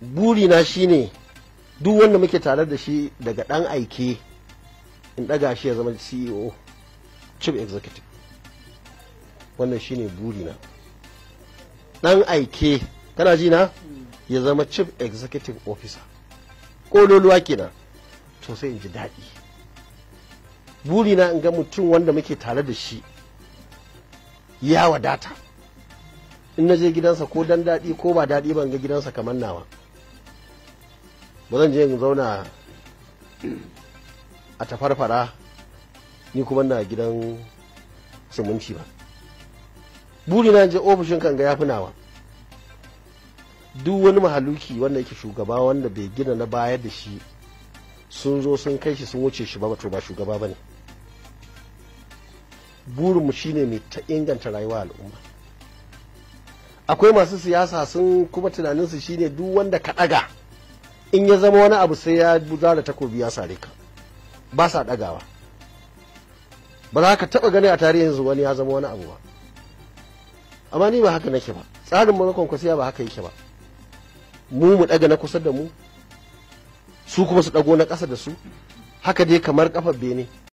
burina shine duk wanda muke tare da shi daga dan aike in daga shi ya zama ceo chief executive wannan shine burina dan aike kana ji na ya zama chief executive officer kololuwa kenan to sai in ji daɗi burina in ga mutum wanda muke tare da shi ya wadata in na je gidansa ko dan daɗi ko ba daɗi ban ga gidansa kamar nawa ba zan je in zauna a tafarfara ni kuma na gidan siminti ba buri na je ofishin kan ga ya nawa duk wani mahaluki wanda yake shugaba wanda bai gina na bayar da shi sun zo sun kai shi sun wuce shi ba to ba shugaba ba ne burinmu shine mai ta inganta rayuwa al'umma akwai masu siyasa sun kuma tunaninsu shine duk wanda ka ɗaga in ya zama wani abu sai ya zara takobi ya sare ka ba sa ɗagawa ba za ka taɓa gani a tarihin yanzu wani ya zama wani abu ba amma ni ba haka nake ba tsarin mulkin kwasiya ba haka yake ba mu mu ɗaga na kusa da mu su kuma su ɗago na kasa da su haka dai kamar kafar bene